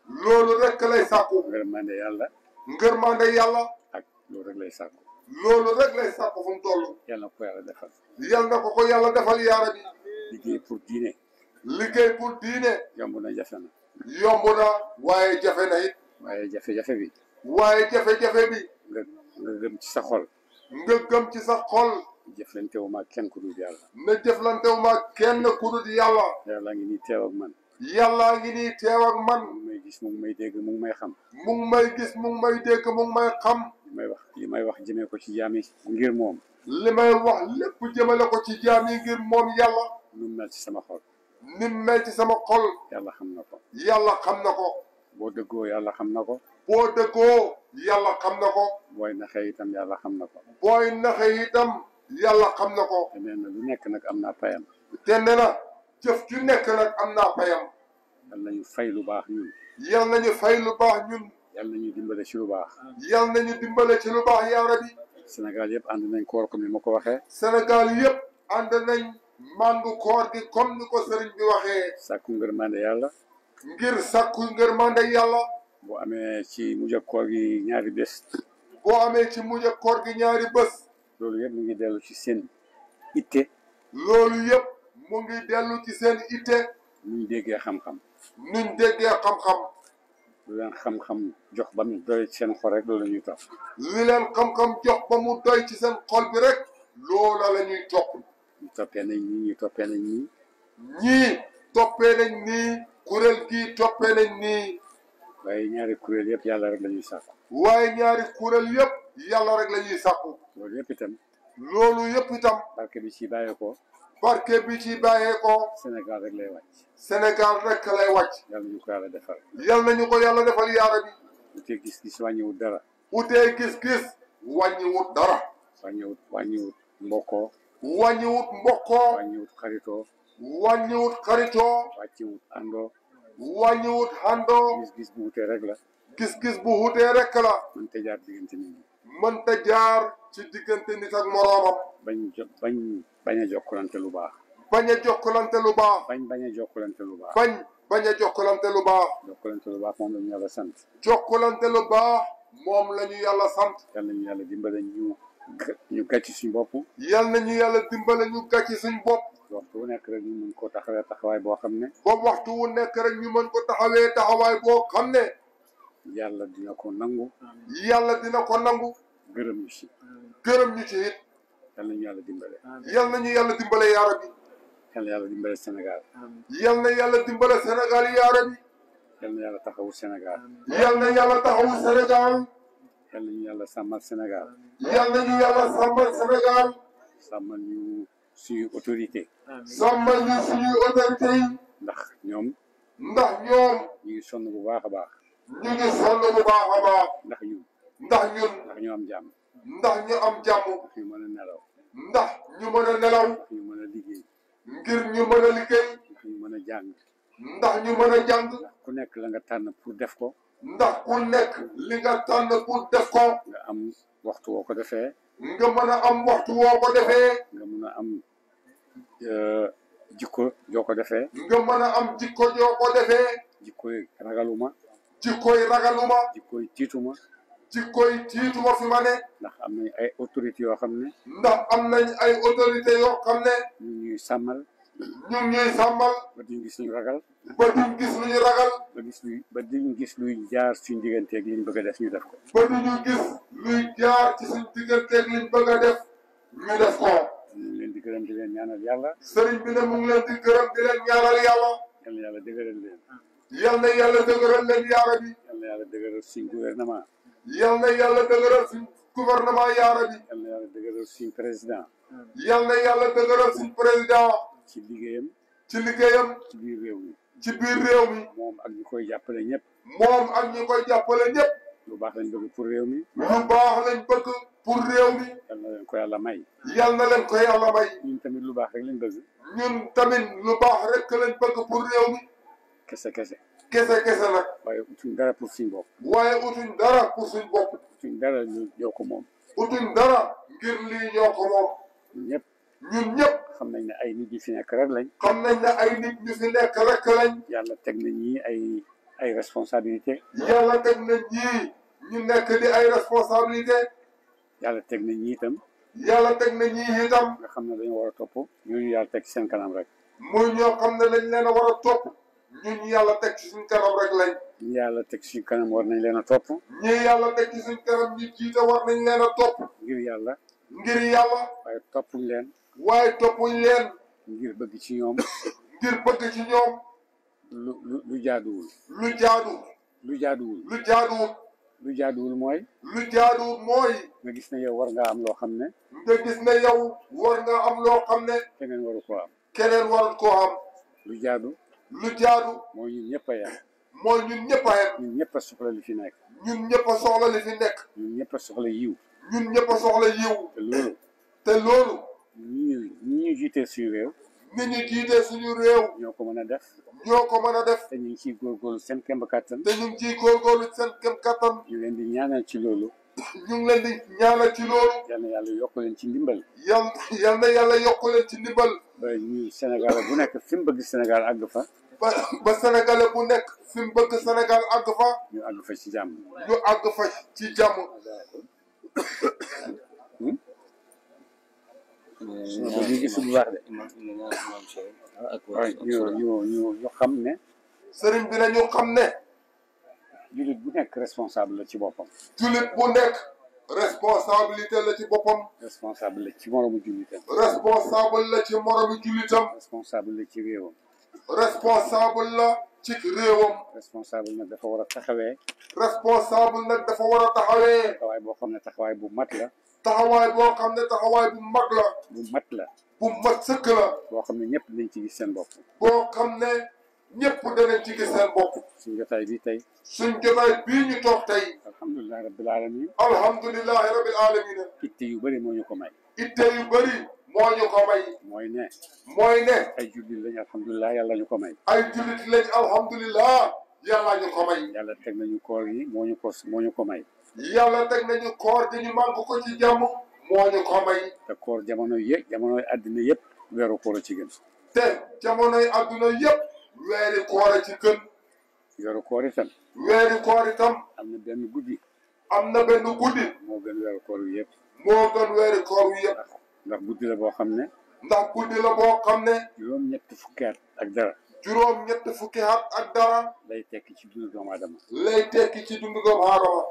loolu rek lay sàkku. ngërmande yàlla. ngërmande yàlla. ak loolu rek lay sàkku. loolu rek lay sàkku fu mu toll. yàlla na ko yàlla defal. yàlla na ko ko yàlla defal yaara bi. liggéey pour diine. liggéey pour diine. yomb na jafe na. yomb na waaye jafe na it. waaye jafe-jafe bi. waaye jafe-jafe bi. nga nga gëm ci sa xol. nga gëm ci sa xol. jëflante wu ma kenn ku dul yàlla. ne jëflante wu ma kenn ku dul yàlla. yàlla ngi nii teew ak man. yàlla ngi nii teew ak man. gis mu ngi may dégg mu ngi may xam. mu ngi may gis mu ngi may dégg mu ngi may xam. li may wax li may wax jëmee ko ci jaami ngir moom. li may wax lépp jëmale ko ci jaami ngir moom yàlla. nu mel ci sama xol. ni mel ci sama xol. yàlla xam na ko. yàlla xam na ko. boo dëggoo yàlla xam na ko. boo dëggoo yàlla xam na ko. booy naxe itam yàlla xam na ko. booy naxe itam xam na ko. te nee na lu nekk nag am naa payam. te nee na jëf ju nekk nag am naa payam. yàlla ñu fay lu baax ñun. yal nañu fay lu baax ñun. yal nañu dimbale ci lu baax. yal dimbale ci lu baax yaa rabi. Sénégal yëpp ànd nañ koor comme ni ma ko waxe Sénégal yëpp ànd nañ. màndu koor gi comme ni ko sëriñ bi waxee. sàkku ngërmande yàlla. ngir sàkku ngërmande yàlla. boo amee ci mujj koor gi ñaari bés. amee ci mujj gi ñaari bés. loolu yëpp mu ngi dellu ci seen itte. loolu yëpp mu ngi dellu ci seen itte. nuñ déggee xam-xam. nuñ déggee xam-xam. lu leen xam-xam jox ba mu doy ci seen xol rek loolu la ñuy topp. lu leen xam jox ba mu doy ci seen xol bi rek. loola la ñuy topp. ñu toppee nañ ñii toppee nañ ñii. ñii toppee nañ nii kuréel gii toppee nañ nii. waaye ñaari kuréel yëpp yàlla rek lañuy ñuy sàkku. waaye ñaari kuréel yëpp yàlla rek la ñuy sàkku. loolu yëpp itam. loolu yëpp itam. barke bi ci bàyyeekoo. barke bi ci bàyyeekoo. Sénégal rek lay wàcc. Sénégal rek lay wàcc. yal nañu ko yàlla defal. yal nañu ko yàlla defal yaara bi. utee gis-gis wàññiwut dara. utee gis-gis. wàññiwut dara. wàññiwut wàññiwut mbokkoo. wàññiwut mbokkoo. wàññiwut xaritoo. wàññiwut xaritoo. wàcciwut àndoo. wàññiwut àndoo. gis-gis bu utee rek la. gis-gis bu utee rek la. mën tëjaat diggante nit ñi. mënta jaar ci diggante nit ak moroomam. bañ bañ bañ a jokkalante lu baax. bañ a jokkalante lu baax. bañ bañ a jokkalante lu baax. bañ a jokkalante lu baax. jokkalante lu baax moom la yàlla sant. jokkalante lu baax moom lañu yàlla sant. yal nañu yàlla dimbale ñu ñu gàcc suñu bopp. yal nañu yàlla dimbale ñu gàcc suñu bopp. waxtu wu nekk rek ñu mën koo taxawee taxawaay boo xam ne. boobu waxtu ñu mën ko taxawee taxawaay boo xam ne. yàlla dina ko nangu. yàlla dina ko nangu. gërëm ñu ci. gërëm ñu ci it. yal nañu yàlla dimbale. yal nañu yàlla dimbale yaa rabbi. yal na yàlla dimbale Sénégal. yal na yàlla dimbale Sénégal yaa rabbi. yal na yàlla taxawu Sénégal. yal na yàlla taxawu Sénégal. yal nañu yàlla sàmmal Sénégal. yal nañu yàlla sàmmal Sénégal. sàmmal ñu suñuy autorité. sàmmal ñu suñuy autorité yi. ndax ñoom. ndax ñoom. ñu ngi sonn bu baax a baax. ñu ngi sonn bu baax a baax. ndax ñun. ndax ñun. ndax ñu am jàmm. ndax ñu am jàmm. ndax ñu mën a nelaw. ndax ñu mën a nelaw. ndax ñu mën a liggéey. ngir ñu mën a liggéey. ndax ñu mën a jàng. ndax ñu mën a jàng. ndax ku nekk la nga tànn pour def ko. ndax ku nekk li nga tànn pour def ko. nga am waxtu woo ko defee. nga mën a am waxtu woo ko defee. nga mën a am euh, jikko joo ko defee. nga mën a am jikko joo ko defee. jikko ragaluma. jikkooy ragaluma. jikkooy tiituma. jikkooy tiituma fi ma ndax am nañ ay autorités yoo xam ne. ndax am nañ ay autorités yoo xam ne. ñu ngi ñuy sàmmal. ñu ngi ñuy sàmmal. ba duñ gis gis luñu ragal. ba gis luy gis luy jaar suñu digganteeg liñ bëgg def ñu def ko. ba duñu gis luy jaar ci suñu digganteeg liñ bëgg a def ñu def ko. ñu ngi leen di gërëm di leen ñaanal yàlla. sëriñ bi ne mu ngi leen di gërëm di leen ñaanal yàlla. yàlla yàlla dëgëral leen. yal na yàlla dëgëral leen yaara na yàlla dëgëral suñ gouvernement. yal na président. yal na yàlla dëgëral ci liggéeyam. ci liggéeyam. ci biir réew mi. ci biir réew mi. moom ak ñu koy jàppale ñëpp. moom ak ñu koy jàppale ñëpp. lu baax lañ bëgg pour réew mi. lu baax lañ bëgg pour réew mi. leen lu baax rek lañ bëgg. ñun réew mi. kese kese. kese kese nag. waaye utuñ dara pour suñ bopp. waaye utuñ dara pour suñ bopp. utuñ dara ñoo ko moom. utuñ dara ngir lii ñoo ko moom. ñun ñëpp. ñun ñëpp. xam nañ ne ay nit ñu fi nekk rek lañ. xam nañ ne ay nit ñu fi nekk rek lañ. yàlla teg na ñii ay ay responsabilité yàlla teg na ñii ñu nekk di ay responsabilité yàlla teg na ñii itam. yàlla teg na ñii itam. nga xam ne dañoo war a topp. ñooñu yàlla seen kanam rek. muy ñoo xam ne dañ leen a topp. ñun yàlla teg ci suñ kanam rek lañ. ñi yàlla teg ci suñ kanam war nañ leen a topp. ñi yàlla teg ci suñ kanam ñi jiite war nañ leen a topp. ngir yàlla. ngir yàlla. waaye toppuñ leen. waaye toppuñ leen. ngir bëgg ci ñoom. ngir bëgg ci ñoom. lu lu lu jaaduwul. lu jaaduwul. lu jaaduwul. lu jaaduwul. lu jaaduwul mooy. lu jaaduwul mooy. nga gis ne yow war ngaa am loo xam ne. nga gis ne yow war nga am loo xam ne. keneen waru koo am. keneen waru koo am. lu jaadu. lu jaadu. mooy ñun ñëpp a yem. ñun ñëpp a ñëpp a soxla li fi nekk. ñun ñëpp a soxla li fi nekk. ñun ñëpp a soxla yiw. ñun ñëpp a soxla yiw. te loolu. te loolu. ñi ñu ñi ñu jiitee suñu réew. ni ñu jiitee suñu réew. ñoo ko mën a def. ñoo ko mën a def. te ñu ngi ciy góorgóorlu seen kem kattan. te ñu ngi ciy góorgóorlu seen kem kattan. ñu leen di ñaanal ci loolu. ñu ngi leen di ñaanal ci loolu. yal na yàlla yokk leen ci ndimbal. yal na yàlla yokk leen ci ndimbal. ba ñuy Sénégal bu nekk fi mu bëgg Sénégal àgg fa. ba ba bu nekk fi bëgg Sénégal ak fa. ñu àgg fa ci jàmm. ñu àgg fa ci jàmm. ñu gis bu baax ñu ñu ñu ñu xam ne. sëriñ bi na ñu xam ne. jullit bu nekk responsable ci boppam. jullit bu nekk. responsabilité la ci boppam. responsable la ci moromu jullitam. responsable la ci moromu jullitam. responsable la ci réewam. responsable la ci réewam. responsable nag dafa war a taxawee. responsable nag dafa war a taxawee. taxawaay boo xam ne taxawaay bu mat la. taxawaay boo xam ne taxawaay bu mag la. bu mat la. bu mat sëkk la. boo xam ne ñëpp dañ ci gis seen bopp. boo xam ne. ñëpp danañ ci gis seen bopp. suñ jotaay bi tey. suñ jotaay bii ñu toog tey. alhamdulilah rabbil alamin. alhamdulilah rabbil alamin. itte yu bëri moo ñu ko may. itte yu bëri. moo ñu ko may. mooy ne. mooy ne. ay jullit lañ alhamdulilah yàlla ñu ko may. ay jullit lañ alhamdulilah yàlla ñu ko may. yàlla teg nañu yi moo ñu ko moo ñu ko may. yàlla teg nañu koor dañu mànk ko ci jàmm. moo ñu ko may. te koor jamono yë jamono yi àddina yëpp weeru koor a ci te jamono yi àddina yëpp. weeri koor ci kën weeru koor itam weeri koor itam am na benn guddi am na benn guddi moo gën weeru koor wi yëpp moo gën weeri koor wi yëpp ndax guddi la boo xam ne ndax guddi la boo xam ne juróom ñetti fukki at ak dara juróom ñetti fukki ak dara lay tekki ci dundu doomu aadama lay tekki ci dundu doomu aadama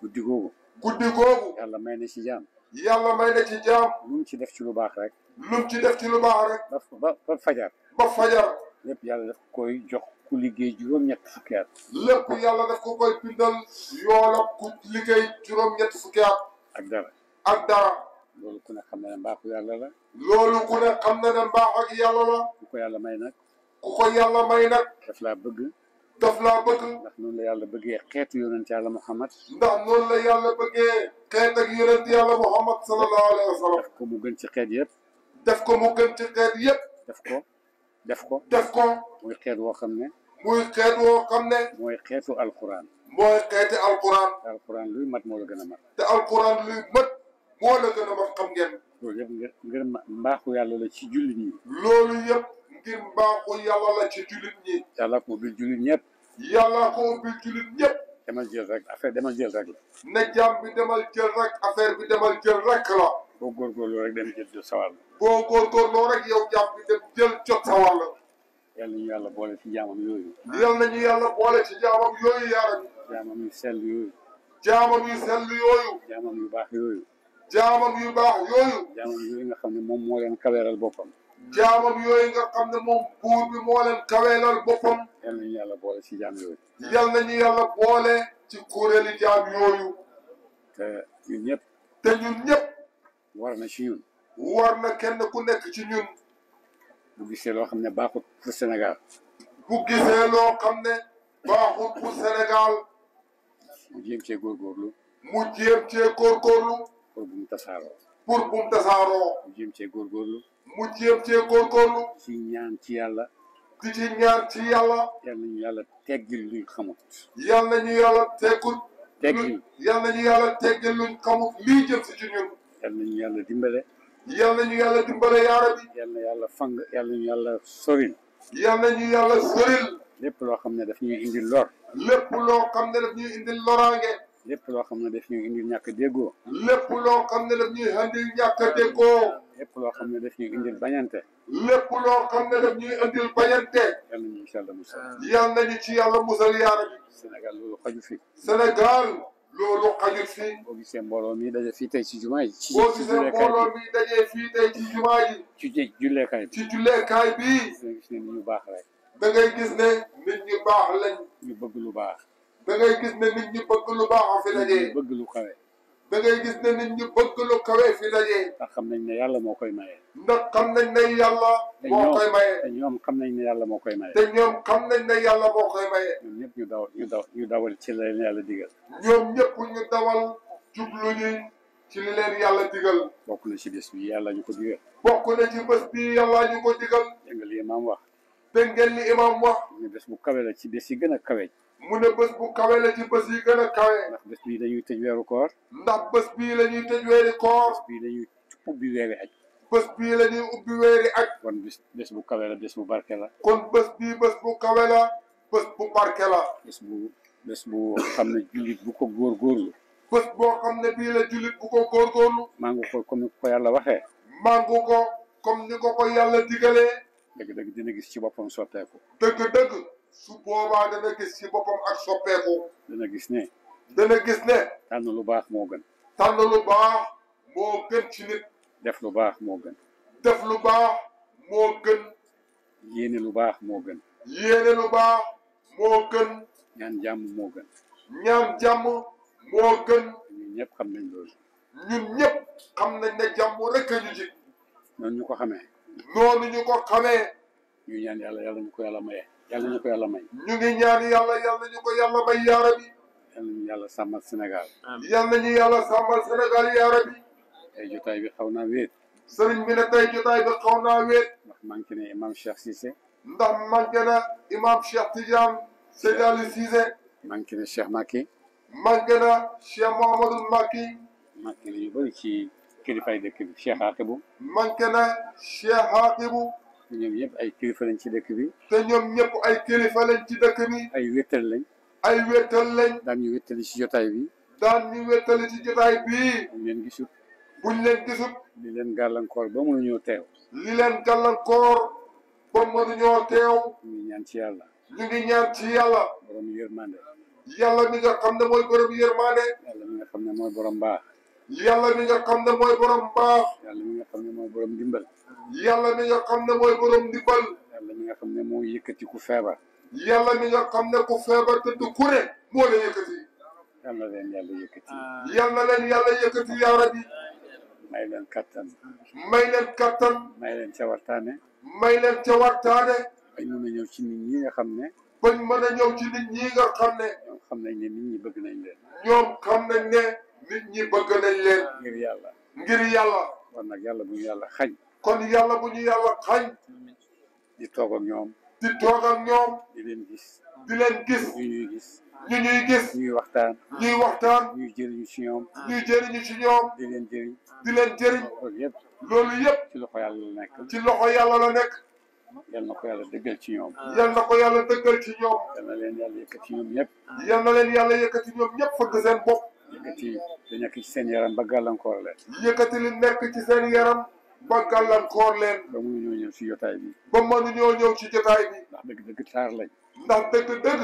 guddi googu guddi googu yàlla may na ci jaam yàlla may na ci jaam lu mu ci def ci lu baax rek lu ci def ci lu baax rek ba ba fajar ba fajar lépp yàlla daf koy jox ku liggéey juróom-ñetti fukki at. lépp yàlla daf ko koy bindal yoolab ku liggéey juróom-ñetti fukki at. ak dara ak dara. loolu ku ne xam na ne mbaaxu yàlla la. loolu ku ne xam na ne mbaaxu ak yàlla la. ku ko yàlla may nag. ku ko yàlla may nag. daf laa bëgg. daf laa bëgg. ndax noonu la yàlla bëggee xeetu yonent yàlla Muhammad. ndax noonu la yàlla bëggee. xeet ak yonent yàlla Muhammad sallallahu alayhi wa sallam. daf ko mu gën ci xeet yëpp. daf ko mu gën ci xeet yëpp. daf ko. Defko. ko def ko muy xeet woo xam ne muy xeet woo ne mooy xeetu alquran mooy xeeti alquran te alquran luy mat moo la gën a mat te alquran luy mat moo la gën a mat xam ngeen loolu yëpp ngir ngir mbaaxu yàlla la ci jullit ñi loolu yëpp ngir mbaaxu yàlla la ci jullit ñi yàlla ko ubbil jullit ñëpp yàlla ko ubbil jullit ñëpp demal jël rek affaire demal jël rek na jàmm bi demal jël rek affaire bi demal jël rek la boo góorgóorlu rek dem jël sawal boo góorgóorloo rek yow jàpp bi dem jël jot sa war la. yal nañu yàlla boole ci jaamam yooyu. yal nañu yàlla boole ci jaamam yooyu yaram. jaamam yu sell yooyu. jaamam yu sell yooyu. jaamam yu baax yooyu. jaamam yu baax yooyu. jaamam yooyu nga xam ne moom leen kaweeral boppam. jaamam yooyu nga xam ne moom bi moo leen kaweeral boppam. yal nañu yàlla boole ci jaam yooyu. yal nañu yàlla boole ci kuréeli jaam yooyu. te ñun ñëpp. te ñun ñëpp. war na ci ñun war na kenn ku nekk ci ñun. bu gisee loo xam ne baaxut pour Sénégal. bu gisee loo xam ne baaxut pour Sénégal. mu jéem cee góorgóorlu. mu jéem cee góorgóorlu. pour bu mu tasaaroo. pour bu mu tasaaroo. mu jéem cee góorgóorlu. mu jéem cee góorgóorlu. ci ñaan ci yàlla. di ci ñaan ci yàlla. yal nañu yàlla teggil luñ xamut. yal nañu yàlla teggul. teggil yal nañu yàlla teggil luñ xamut lii jëm si ci ñun. yal nañu yàlla dimbale. yal na ñu yàlla dimbale yaara bi. yal na yàlla fang yal na ñu yàlla soril. yal ñu yàlla soril. lépp loo xam ne daf ñuy indil lor. lépp loo xam ne daf ñuy indil loraange. lépp loo xam ne daf ñuy indil ñàkk déggoo. lépp loo xam ne daf ñuy indil ñàkk déggoo. lépp loo xam ne daf ñuy indil bañante. lépp loo xam ne daf ñuy indil bañante. yal nañu ci yàlla musal. yal nañu Sénégal. loolu xajul fii. boo gisee mbooloo mi daje fii tey ci jumaa yi. ci boo gisee mbooloo mi daje fii tey ci jumaa yi. ci julleekaay bi ci julleekaay bi. da ngay ñu baax lañ. da ngay gis ne nit ñu baax lañ. ñu bëgg lu baax. da ngay gis ne nit ñu lu baax a bëgg lu kawe. da gis ne nit ñi bëgg lu kawee fi dajee. ndax nañ ne yàlla moo koy maye. ndax xam nañ ne yàlla. moo koy maye te ñoom xam nañ ne yàlla moo koy maye. te ñoom xam nañ ne yàlla moo koy maye. ñoom ñëpp ñu daw ñu daw ñu dawal ci la leen yàlla digal. ñoom ñëpp ñu dawal jublu ñu ci li leen yàlla digal. bokk na ci bés bi ñu ko digal. bokk na ci bés ñu ko digal. dégg nga li imaam wax. dégg ngeen ñu bés bu kawe ci bés yi gën a kawe. mu ne bés bu kawe la ci bés yi gën a kawe. ndax bés bii dañuy tëj weeru koor. ndax bés bii la ñuy tëj weeri koor. bés bii la ñuy ubbi weeri aj. bés bii la ñuy ubbi weeri aj. kon bés bés bu kawe la bu barke la. kon bés bii bés bu kawe la bés bu barke la. bés bu xam ne jullit bu ko góorgóorlu. bés boo xam ne bii la jullit bu ko góorgóorlu. màngu ko comme ni ko yàlla waxee. màngu ko comme ni ko ko yàlla digalee. dëgg-dëgg dina gis ci boppam sotteeku. dëgg-dëgg. su boobaa dana gis ci boppam ak soppeeku. dana gis ne. dana gis ne. tànn lu baax moo gën. tànn lu baax moo gën ci nit. def lu baax moo gën. def lu baax moo gën. yéene lu baax moo gën. yéene lu baax moo gën. ñaan jàmm moo gën. ñaan jàmm moo gën. ñun ñëpp xam nañ loolu. ñun ñëpp xam nañ ne jàmm rek a ñu ji. noonu ñu ko xamee. noonu ñu ko xamee. ñu ñaan yàlla yàlla ñu ko yàlla maye. yàlla ñu ko yàlla may. ñu ngi ñaan yàlla yàlla ñu ko yàlla may yaa rabbi. yàlla ñu yàlla sàmmal Sénégal. yàlla ñu yàlla sàmmal Sénégal yaa rabbi. tey jotaay bi xaw naa wéet. sëriñ bi ne tey jotaay bi xaw naa wéet. ndax manqué ne imam Cheikh Cissé. ndax manqué na imam Cheikh Tidiane Seydi Ali Cissé. manqué ne Cheikh Macky. manqué na Cheikh Mouhamadul Macky. manqué na ñu bëri ci kilifay dëkk bi Cheikh Hakibu. manqué na Cheikh Hakibu. ñoom ñëpp ay kilifa lañ ci dëkk bi. te ñoom ñëpp ay kilifa ci dëkk bi. ay wéttal lañ. ay wéttal lañ. daan ñu wéttali ci jotaay bi. daan ñu wéttali ci jotaay bi. buñ leen gisut. buñ leen gisut. li leen gàllankoor ba mënuñoo teew. li leen gàllankoor ba mënuñoo teew. ñu ñaan ci yàlla. ñu ngi ñaan ci yàlla. borom yërmande. yàlla mi nga xam ne mooy borom yërmande. yàlla mi nga xam ne mooy borom baax. yàlla mi nga xam ne mooy borom baax. yàlla mi nga xam ne mooy dimbal. yàlla mi nga xam ne mooy borom ndimbal. yàlla mi nga xam ne moo yëkkati ku feebar. yàlla mi nga xam ne ku feebar te du kure moo la yëkkati. yàlla leen yàlla yëkkati. yàlla leen yàlla yëkkati yaa rabbi. may leen kattan. may leen kattan. may leen ca waxtaane. may leen ca waxtaane. bañ mën a ñëw ci nit ñi nga xam ne. bañ mën a ñëw ci nit ñi nga xam ne. ñoom xam nañ ne nit ñi bëgg nañ leen. ñoom xam nañ ne nit ñi bëgg nañ leen. ngir yàlla. ngir yàlla. kon nag yàlla bu ñu yàlla xañ. kon yàlla bu ñu yàlla xañ di toog ak ñoom di toog ak ñoom di leen gis di leen gis ñu ñuy gis ñu ñuy gis ñuy waxtaan ñuy waxtaan ñuy jëriñu ci ñoom ñuy jëriñu ci ñoom di leen jëriñ di leen jëriñ loolu yëpp loolu yëpp ci loxo yàlla la nekk ci loxo yàlla la nekk yal na ko yàlla dëggal ci ñoom yal na ko yàlla dëggal ci ñoom yal na leen yàlla yëkkati ñoom ñëpp yal na leen yàlla yëkkati ñoom ñëpp fëgg seen bopp yëkkati li nekk ci seen yaram ba gàllankoor leen yëkkati li nekk ci seen yaram ba gàllankoor leen. ba mënuñoo ñëw ci jotaay bi. ba mënuñoo ñëw ci jotaay bi. ndax dëgg-dëgg taar lañ. ndax dëgg-dëgg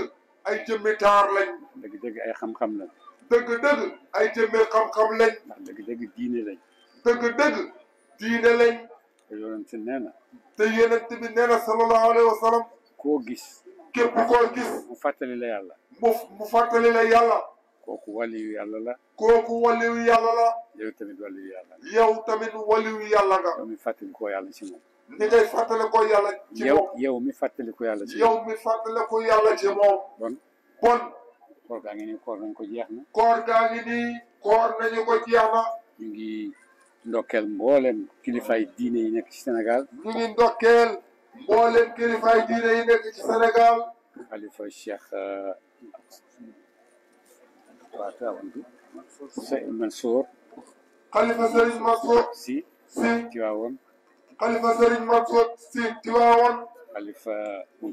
ay jëmmi taar lañ. dëgg-dëgg ay xam-xam lañ. dëgg-dëgg ay jëmmi xam-xam lañ. ndax dëgg-dëgg diine lañ. dëgg-dëgg diine lañ. te yonent nee na. bi nee na sallallahu alayhi koo gis. képp koo gis. mu fàttali la yàlla. mu mu fàttali la kooku waliyu yàlla la. kooku waliw yàlla la. yow tamit waliw yàlla nga. tamit waliw yàlla mi fàttali yàlla ci yow mi fàttali ko jeex na. koor ci Sénégal. ñu منصور قال لي منصور سي سي تيواون قال لي منصور سي تيواون قال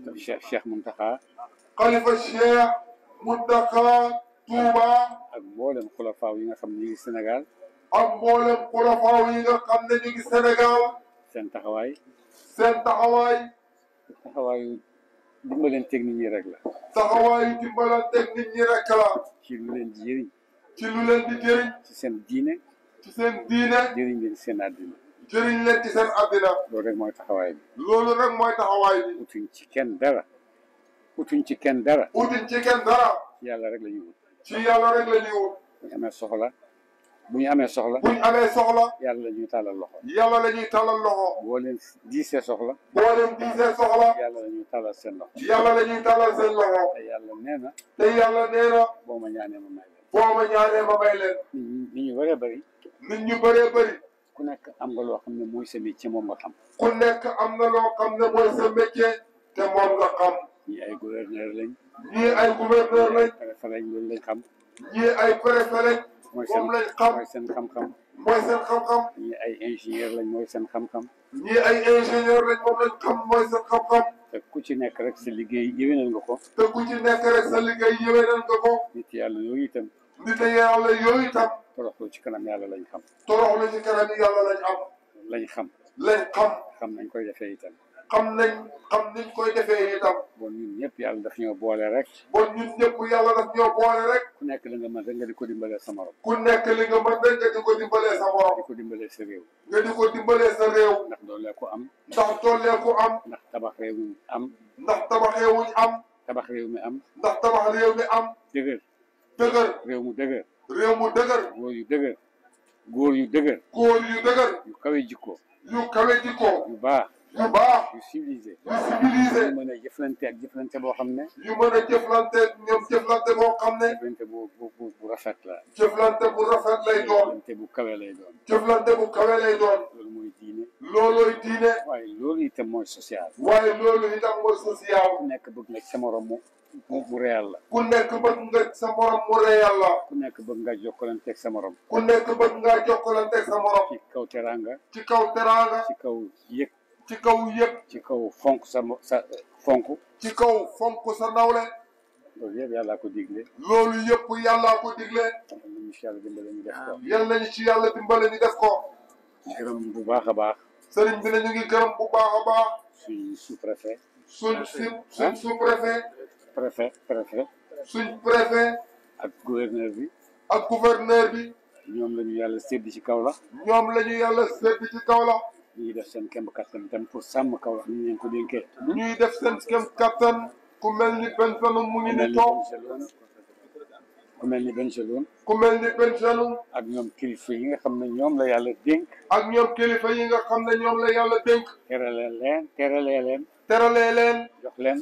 الشيخ منتقى قال لي الشيخ منتقى طوبى أمول الخلفاء وين خمن يجي السنغال أمول الخلفاء وين خمن يجي السنغال سانتا هواي سانتا هواي سانتا هواي dimbalante ak nit ñi rek la taxawaayu dimbalante ak nit ñi rek la ci lu leen di ci lu leen di jëriñ. ci seen diine. ci seen diine. jëriñ leen ci seen àddina. jëriñ leen ci seen àddina. loolu rek mooy taxawaay bi. loolu rek mooy taxawaay bi. utuñ ci kenn dara. utuñ ci kenn dara. utuñ ci kenn dara. ci yàlla rek la ñuy wut. ci yàlla rek la ñuy wut. bu ñu amee soxla. bu ñu amee soxla. bu ñu amee soxla. yàlla la ñuy tàllal loxo. yàlla la ñuy tàllal loxo. boo leen diisee soxla. boo leen diisee soxla. yàlla la ñuy tàllal seen loxo. yàlla la ñuy tàllal seen loxo. te yàlla nee na. te yàlla nee na. boo ma ñaanee ma may. foo ma ñaanee ma may leen. nit ñu bëree bëri. nit ñu bëree bëri. ku nekk am nga loo xam ne mooy sa métier moom nga xam. ku nekk am na loo xam ne mooy sa métier te moom nga xam. ñii ay gouverneur lañ. ñii ay gouverneur lañ. préfet lañ loolu lañ xam. ñii ay préfet lañ. mooy seen moom lañ xam mooy seen xam-xam. mooy seen xam-xam. ñii ay ingénieur lañ mooy seen xam-xam. ñii ay ingénieur lañ moom lañ xam mooy seen xam-xam. te ku ci nekk rek sa liggéey yéwénal nga ko. te ku ci nekk rek sa liggéey yéwénal nga ko. nit yàlla yooyu itam. nit yàlla yooyu itam. toroxlu ci kanam yàlla lañ xam. toroxlu ci kanam yàlla lañ am. lañ xam. lañ xam. xam nañ koy defee itam. xam nañ xam niñ koy defee itam. bon ñun ñëpp yàlla daf ñoo boole rek. bon ñun ñëpp yàlla daf ñoo boole rek. ku nekk li nga mën rek nga di ko dimbalee sa morom. ku nekk li nga mën rek nga di ko dimbalee sa morom. di ko dimbalee sa réew. nga di ko dimbalee sa réew. ndax doolee ko am. ndax doolee ko am. ndax tabax réew mi am. ndax tabax réew mi am. tabax réew mi am. ndax tabax réew mi am. dëgër. dëgër réew mu dëgër réew mu dëgër góor yu dëgër góor yu dëgër góor yu kawe jikko yu kawe jikko yu baax yu baax yu civilisé yu civilisé yu ak jëflante boo xam ne yu mën a jëflante ñoom boo xam ne jëflante bu rafet la jëflante bu lay doon jëflante bu kawe lay doon jëflante bu kawe lay doon loolu mooy diine loolooy diine waaye loolu itam mooy social waaye loolu itam mooy social nekk bëgg nga sa moroom bu bu réel la. ku nekk bëgg nga sa morom mu la. ku nekk bëgg nga jokkalanteeg sa morom. ku nekk bëgg nga jokkalanteeg sa morom. ci kaw teraanga. ci kaw teraanga. ci kaw yëg. ci kaw yëg. ci kaw fonk sa sa fonk. ci kaw fonk sa nawle. loolu yëpp yàllaa ko digle. loolu yëpp yàllaa ko digle. yal nañu ci yàlla dimbale ñu def ko. yal ci yàlla dimbale ñu def ko. bu baax a baax. sëriñ bi ne ñu ngi gërëm bu baax a baax. suñ sous-préfet. suñ suñ sous préfet préfet. suñ préfet. ak gouverneur bi. ak gouverneur bi. ñoom la ñu yàlla sédd ci kaw ñoom la ñu yàlla sédd ci kaw ñuy def seen kéem kattan tam pour sàmm Kaolack ñu leen ko dénkee. ñuy def seen kéem kattan ku mel ni benn mu ngi ne toog. ku mel ni Bengelloune. ku mel ni Bengelloune. ak ñoom kilifa yi nga xam ne ñoom la yàlla dénk. ak ñoom kilifa yi nga xam ne ñoom la yàlla dénk. teralee leen teralee leen. teralee leen. jox leen.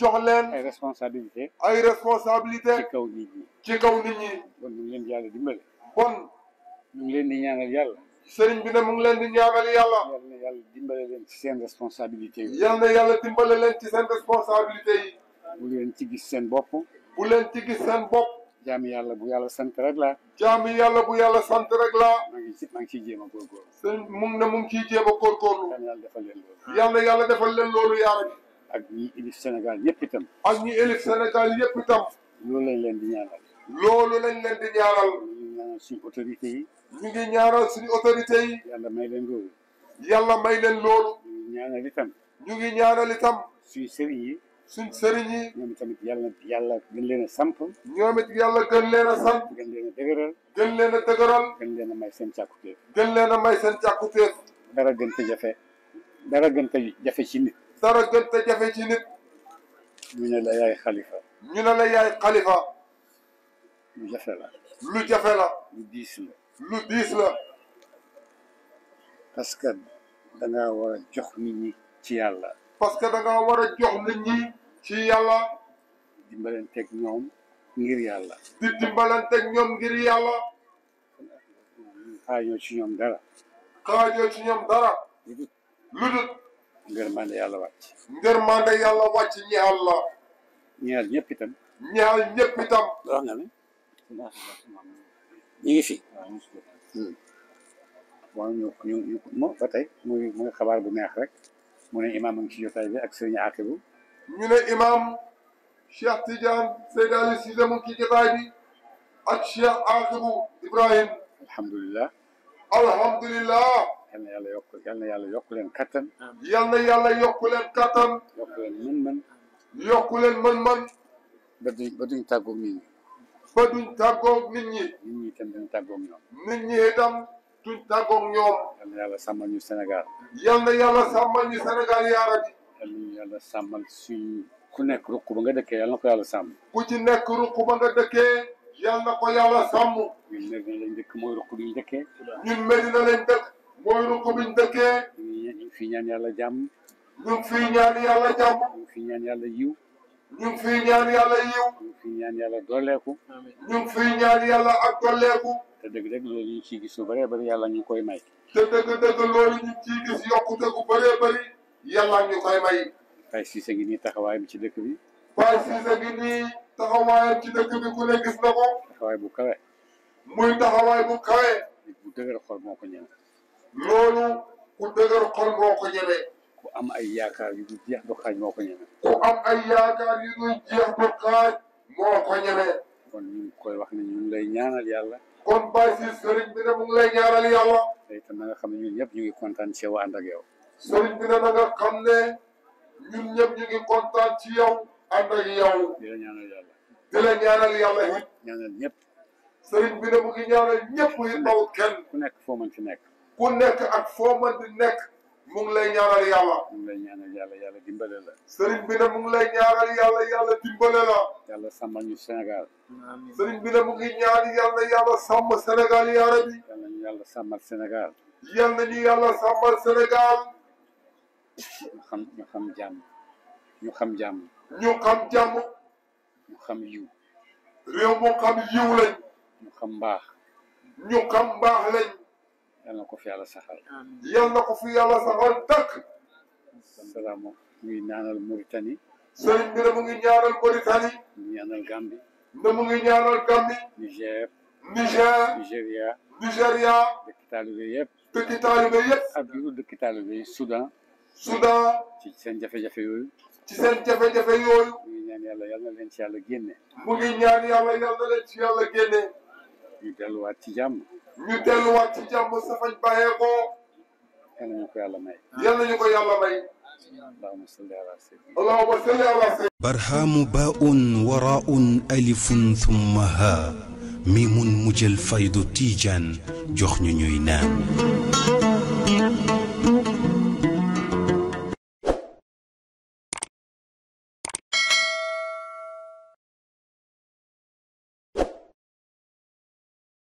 jox leen. ay responsabilité ay responsabilité ci kaw nit ñi. ci kaw nit ñi. bon mu ngi leen di yàlla dimbale. bon. ngi leen di ñaanal sëriñ bi ne mu ngi leen di ñaanal yàlla. yal na yàlla dimbale leen ci seen responsabilité yi. yal na yàlla dimbale leen ci seen responsabilité yi. bu leen ci gis seen bopp. bu leen ci gis seen bopp. jam yàlla bu yàlla sant rek laa. jaami yàlla bu yàlla sant rek laa. maa ngi ci maa ngi ciy jéem a góorgóorlu. sëriñ mu ne mu ngi ciy jéem a góorgóorlu. yàlla defal leen loolu. yàlla yàlla leen loolu yaa ak ñi élif Sénégal yëpp itam. ak ñi élif Sénégal yëpp itam. loolu lañ leen di ñaanal. loolu lañ leen di ñaanal. ñu ngi ñaanal suñu autorité yi. ñu ngi ñaanal suñu autorité yi. yàlla may leen loolu. yàlla may leen loolu. ñu ngi ñaanal itam. ñu ngi ñaanal itam. suñu sëriñ yi. suñu sëriñ yi. ñoom tamit yàlla yàlla gën leen a samp. ñoom it yàlla gën leen a samp. gën leen a dëgëral. gën leen a dëgëral. gën leen a may seen càkkutéef. gën leen a may seen càkkutéef. dara gën ko jafe dara gën ko jafe ci nit dara gën jafe ci nit. ñu ne la yaay xalifa. ñu ne la yaay xalifa. lu jafe la. lu jafe la. lu diis la. lu diis la. jox nit ñi ci yàlla. parce que da ngaa war a jox ñi ci yàlla. dimbalanteeg ñoom ngir yàlla. di dimbalanteeg ñoom ngir yàlla. xaajoo ci ñoom dara. xaajoo ci ñoom dara. ngërmande yàlla wàcc ngërmande yàlla wàcc ñeexal la ñeexal ñëpp itam ñeexal ñëpp itam wax nga ne ñu ngi fi waaw ñu ñu ñu mo ba tey muy muy xabaar bu neex rek mu ne imaam a ngi ci jotaay bi ak sëriñ Akibu ñu ne imaam Cheikh Tidiane Seydi Ali Cissé mu ngi ci jotaay bi ak Cheikh Akibu Ibrahim alhamdulilah alhamdulilah yal na yàlla yokk yal na yàlla yokk leen kattan. yal na yàlla yokk leen kattan. yokk leen mën-mën. yokk leen mën-mën. ba duñ ba duñ tàggoog nit ñi. ba duñ tàggoog nit ñi. nit ñi itam duñ tàggoog ñoom. nit ñi itam duñ tàggoog ñoom. yal na yàlla sàmmal ñu Sénégal. yal na yàlla sàmmal ñu Sénégal yaara bi. yal na yàlla sàmmal ku nekk ruq ba nga dëkkee yal ko yàlla sàmm. ku ci nekk ruq ba nga dëkkee. yal ko yàlla sàmm. ñun Medina lañ dëkk mooy ruq ñu dëkkee. ñun Medina lañ dëkk. mooy ruq biñ dëkkee. ñu ngi fi ñaan yàlla jàmm. ñu ngi fi ñaan yàlla jàmm. ñu ngi fi ñaan yàlla yiw. ñu ngi fi ñaan yàlla ak dooleeku. te dëgg-dëgg loolu ñu ngi ciy gis lu bëree bëri yàlla ñu koy may. te dëgg-dëgg loolu ñu ngi gis yokkute gu bëree bëri yàlla ñu koy may. Baye Cissé ngi nii taxawaayam ci dëkk bi. Baye Cissé ngi nii taxawaayam ci dëkk bi ku ne gis na ko. taxawaay bu kawe. muy taxawaay bu kawe. nit bu dëgër moo ko ñaan. loolu ku dëgër xol moo ko ñeme. ku am ay yaakaar yu dul jeex du moo ko ñeme. ku am ay yaakaar yu dul jeex du moo ko ñeme. kon ñu wax ne ñu lay ñaanal yàlla. kon Baye Ciss sëriñ bi ne mu lay ñaanal yàlla. te na xam ne ñun ñëpp ñu ngi kontaan ci yow ak yow. sëriñ bi na nga xam ne ñun ñëpp ñu ngi kontaan ci yow ànd ak yow. di la ñaanal yàlla. di la ñaanal yàlla it. ñaanal ñëpp. sëriñ bi ne mu ngi yi taw kenn. ku nekk foo mën fi nekk. ku nekk ak foo mën di nekk mu ngi lay ñaanal yàlla. mu ngi lay ñaanal yàlla yàlla dimbale la. sëriñ bi ne mu ngi lay ñaanal yàlla yàlla dimbale la. yàlla sàmmal ñu Sénégal. amiin sëriñ bi ne mu ngi ñaan yàlla yàlla sàmm Sénégal yaara bi. yàlla ñu yàlla sàmmal Sénégal. yal na ñu yàlla sàmmal Sénégal. ñu xam ñu xam jàmm. ñu xam jàmm. ñu xam jàmm. ñu xam yiw. réew mu xam yiw lañ. ñu xam mbaax. ñu xam mbaax lañ. yalla ko fi yalla saxal. yal na ko fi yalla saxal tak Salama muy ñaanal Mauritanie. Sëriñ bi mu ngi ñaanal Mauritanie. mu ñaanal Gambie. ne mu ngi ñaanal Gambie. Niger. Niger. Nigeria. Nigeria. dëkk taalibe yëpp. dëkk taalibe yëpp. ak lu dëkk taalibe yi Soudan. Soudan. ci seen jafe-jafe yooyu. ci seen jafe-jafe yooyu. mu ngi ñaan yàlla yal na leen ci yàlla génne. mu ngi ñaan yàlla yal na leen ci yàlla génne. ñu delluwaat ci jàmm. ñu delluwaat ci jàmm safañ bàyyee ko. yal nañu ko jox ñu ñuy naan